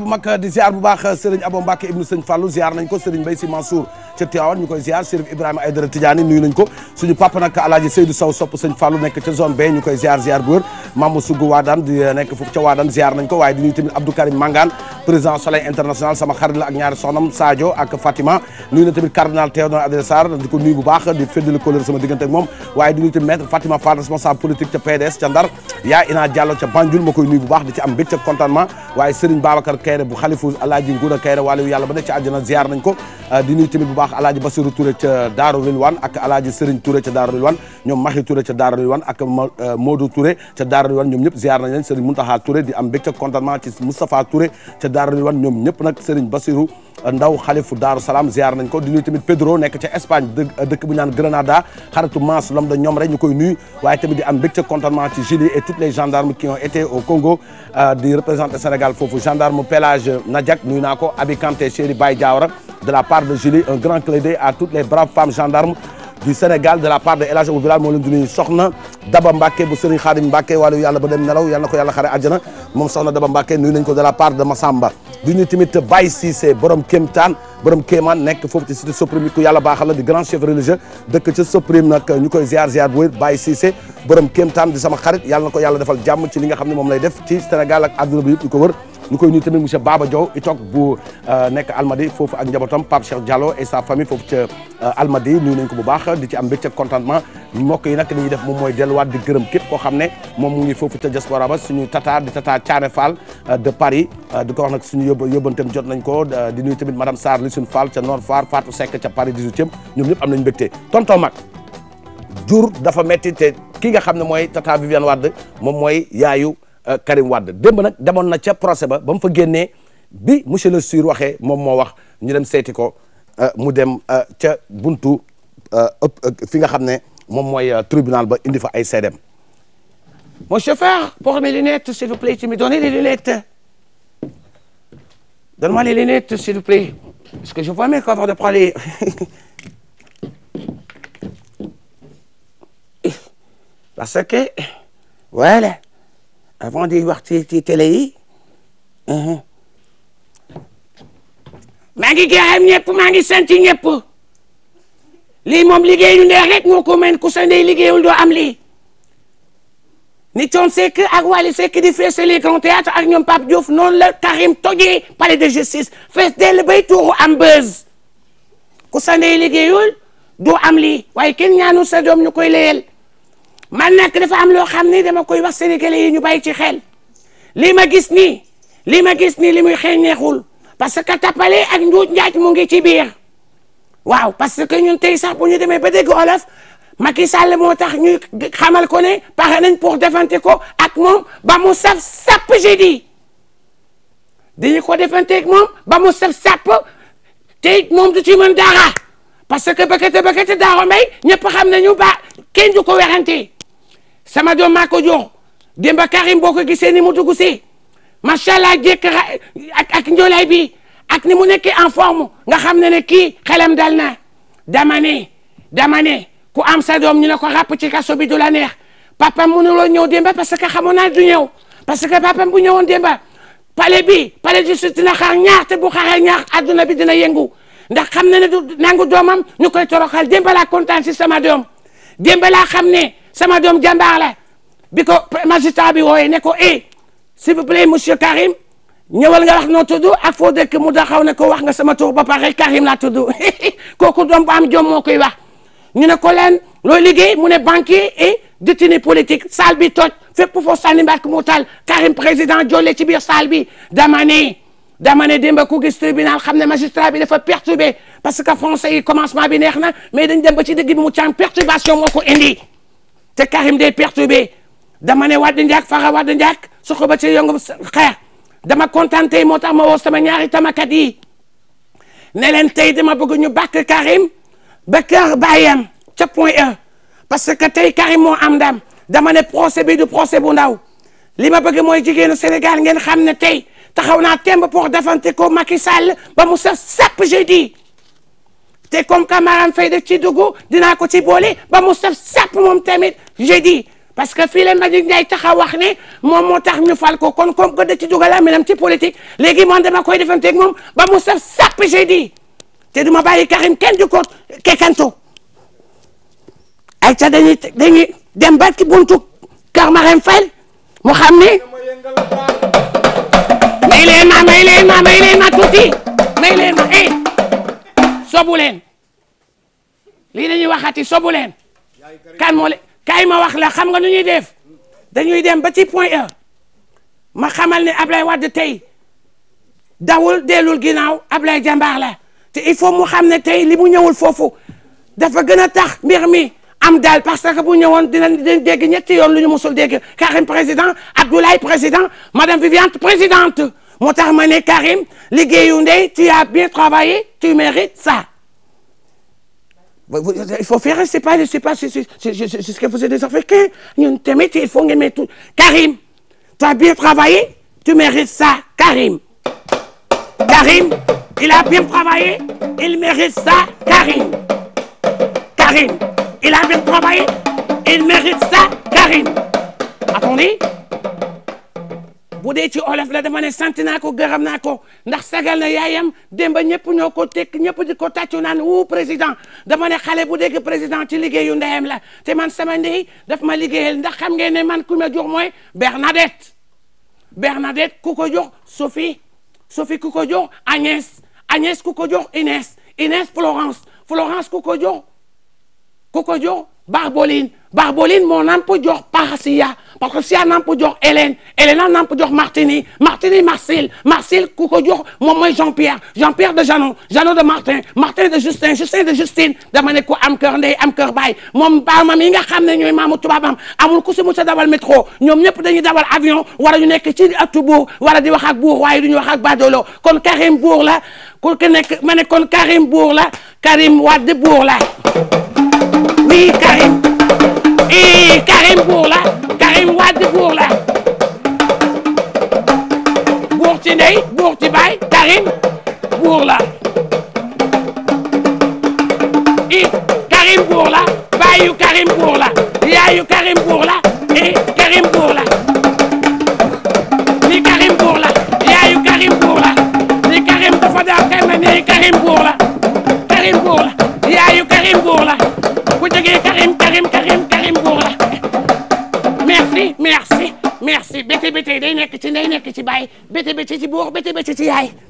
bu mag di ziar bu baax Serigne Abo Mbacke ibnu Serigne Fallou ziar nañ ko Serigne Mbaye Sy Mansour ca Tivaouane ñu koy ziar Serif Ibrahima Aïdara Tidiane nuyu nañ ko suñu papa nag Alaaji Seydou sopp Serigne Fallou nekk ca zone B ñu koy ziar ziar bu wër Mamou Sougou Wadane di nekk foofu ca Wadane ziar nañ ko waaye di nuyu tamit Abdou Karim Mangane président Soleil international sama xarit ak ñaari soxnam Sadio ak Fatima nuyu na tamit cardinal Théodore Adrien Sarr bu baax di féddali kóllëre sama diggante ak moom waaye di nuyu tamit maître Fatima Fall responsable politique ca PDS ca Ndar yaa Ina Diallo ca Banjul ma koy nuyu bu baax di ci am mbégte contentement waaye Serigne Babacar Kayre bu xalifu Alaaji Nguuda Kayre waliyu yàlla ba ne ca àjjana ziar nañ ko ah, di nuyu tamit bu baax Alaaji Bassirou Touré ca ca Daaru Daaru Ridwan ñoom ñëpp nag Serigne Bassirou Ndaw xalifu Daaru Salaam ziar nañ ko di nuyu tamit Pedro nekk ca Espagne dëkk bu ñaan Grenada xaritu Mass Lom da ñoom rek ñu koy nuy waaye tamit di am mbégte contentement ci Julie et toutes les gendarmes qui ont été au Congo euh, di représenter Sénégal foofu gendarme Pélage Nadiak nuyu naa ko Abi Kanté Chéri Baye Diawara de la part de Julie un grand clin d'œil à toutes les braves femmes gendarmes du Sénégal de la part de El Hadj Abdoulaye moo leen di nuyu soxna Daba Mbacke bu Serigne Khadim Mbacke wàllu yàlla ba dem nelaw yàlla ko yàlla xare àjjana moom soxna Daba Mbacke nuyu nañ ko de la part de Massamba du ñu tamit Baye Cissé borom Kéemtaan borom Kéemaan nekk foofu ci cité Soprim ku yàlla baaxal la di grand chef religieux dëkk ca Soprim nag ñu koy ziar ziar bu wér Baye Cissé borom Kéemtaan di sama xarit yàlla ko yàlla defal jàmm ci li nga xam ne moom lay def ci Sénégal ak àdduna bi yëpp ñu ko nu koy nuyu tamit monsieur Baba Diaw itok bu euh, nekk Almadi foofu ak njabootam Pape Cheikh Diallo et sa famille foofu ca euh, Almadi nuyu nañ ko bu baax di ci am mbégte contentement mbokk yi nag li ñuy def moom mooy delluwaat di gërëm képp koo xam ne moom mu ngi foofu ca diaspora ba suñu tata di tata Thiané euh, de Paris di ko wax nag suñu yób yóbbanteem jot nañ ko di nuyu tamit madame Sarr Lissoune Fall ca Nord Foire Fatou Seck ca Paris 18e ñoom ñëpp am nañ mbégte tonton mag jur dafa métti te kii nga xam ne mooy tata Viviane Wade moom mooy yaayu Euh, Karim Wade démb nag demoon na ca procès ba ba mu fa génnee bi monsieur le sur waxee moom moo wax ñu dem seeti ko euh, mu dem euh, ca buntu fi nga xam ne moom mooy tribunal ba indi fa ay seedem mon chauffeur pour mes lunettes s'il vous plaît tu me donnes les lunettes donne-moi les lunettes s'il vous plaît parce que je vois mes cadres de parler parce que voilà avant di wax ci ci yi uh-huh. maa ngi gërëm ñëpp maa ngi sant ñëpp lii moom liggéey yu neex rek moo ko mën ku sa ndey liggéeyul doo am lii ni Thione Seck ak Wally Seck di feesal les grands théâtres ak ñoom Pape Diouf noonu la Karim tojee palais de justice fees dell bay tuuru am buzz ku sa ndey liggéeyul doo am lii waaye kenn ñaanu sa doom ñu koy layel man nag dafa am loo xam ni dama koy wax sénégalais yi ñu bàyyi ci xel lii ma gis nii lii ma gis nii li muy xëy neexul parce que tappale ak njuuj njaaj mu ngi ci biir waaw parce que ñun tey sax bu ñu demee ba dégg olof Macky Sall moo tax ñu xamal ko ne pare nañ pour defante ko ak moom ba mu saf sàpp j'ai dit dañu ko defante moom ba mu saf sàpp te moom du ci mën dara parce que bëkkate bëkkate daaro mbay ñëpp xam nañu ba kenn du ko werante sama doom maa ko jox Demba Karim boo ko gisee ni mu dugg si macha allah jekk ak ak njoolay bi ak ni mu nekkee en forme nga xam ne ne kii xelam dal na dama ne dama ne ku am sa ñu ne ko ràpp ci kaso bi du la neex papam mënuloo ñëw Demba parce que xamoon naa du ñëw parce que papam bu ñëwoon Demba palais bi palais justice dina xaar ñaax te bu xaaree ñaax adduna bi dina yëngu ndax xam na ne du nangu doomam ñu koy toroxal Demba laa kontaan sama doom Demba laa xam sama doom jàmbaar la bi ko magistrat bi wooyee ne ko eh s'il vous plaît monsieur Karim ñëwal nga wax noo tudd ak foo dëkk mu taxaw ne ko wax nga sama tur ba pare Karim laa tudd kooku doom bu am jom moo koy wax ñu ne ko leen looy liggéey mu ne banquier et détenu politique salle bi toj fépp foo sànni mbaat mu tal Karim président jolle ci biir salle bi dama ne dama ne démb ku gis tribunal xam ne magistrat bi dafa perturbé parce que français i commencement bi neex na mais dañ dem ba ci dëgg bi mu caan te Karim day perturbé dama ne Wade Ndiak Farah Wade ba ci yëngu xeex dama kontaan moo tax ma woo sama ñaari tamakat yi ne leen tey dama bëgg ñu bàkk Karim ba kër bàyyam ca point E parce que tey Karim moo am ndam dama ne procès bi du procès bu ndaw li ma bëgg mooy jigéenu Sénégal ngeen xam ne tey taxaw naa temb pour defante ko Macky Sall ba mu sa sapp jeudi te kon que Marème Faye def ci dugg dinaa ko ci boole ba mu saf sàpp moom tamit jeudi parce que fii la Madick ay taxaw wax ne moom moo tax ñu fal ko kon comme que da ci dugal am ci politique léegi man dama koy defanteeg moom ba mu saf sàpp jeudi te du ma bàyyi Karim kenn du ko kekanto ay ca dañuy dañuy dem ba buntu kër Marème Faye mu xam ne may leen ma may leen ma may leen ma tuuti may leen ma eh sobu leen lii dañuy waxati sobu leen kan moo le kaay ma wax la xam ga nu ñuy def dañuy dem ba ci point E ma xamal ne Ablaye Wade tey dawul dellul ginnaaw Ablaye jàmbaar la te il faut mu xam ne tey li mu ñëwul foofu dafa gën a tax mbir mi am daal parce que bu ñëwoon dinañ dégg ñetti yoon lu ñu musul dégg Karim président Abdoulaye président madame Viviane présidente moo tax ma ne Karim liggéeyu ndey tu as bien travaillé tu mérites ça il faut faire c'est pas c'est pas c'est ce que vous êtes des Africains ñun tamit il faut ngeen mettre tout Karim tu as bien travaillé tu mérites ça Karim Karim il a bien travaillé il mérite ça Karim Karim il a bien travaillé il mérite ça Karim attendez de ci olof la dafa ne santi naa ko gërëm naa ko ndax sagal na yaayam démba ñëpp ñoo ko tekk ñëpp di ko tàccu naan wu président dama ne xale bu dégg président ci liggéeyu ndeyam la te man sama ndey daf ma liggéeyal ndax xam ngeen ne man ku ma jox mooy Bernadette Bernadette ku ko jox Sophie Sophie ku ko jox Agnès Agnès ku ko jox Inès Inès Florence Florence ku ko jox ku ko jox Barboline Barboline moo nan po jox Parasiya parce que Siya nan po jox Hélène Hélène nan po jox Martini Martini Marcel Marcel ku ko jox moom mooy Jean-Pierre Jean-Pierre de Jeannot Jeannot de Martin Martin de Justin Justin de Justine dama ne am kër ndey am kër baay moom baamam yi nga xam ne ñooy maamu tubaabam amul ku si mu sa dawal métro ñoom ñëpp dañuy dawal avion war a ñu nekk ci atu buur war a di wax ak buur waaye du ñu wax ak badolo kon Karim buur la ku nekk ma ne kon Karim buur la Karim Wade buur la oui Karim eh Karim buur la Karim Wade buur la buur ci ndey buur ci baay Karim buur la i Karim buur la baayu Karim buur la yaayu Karim buur la ยาย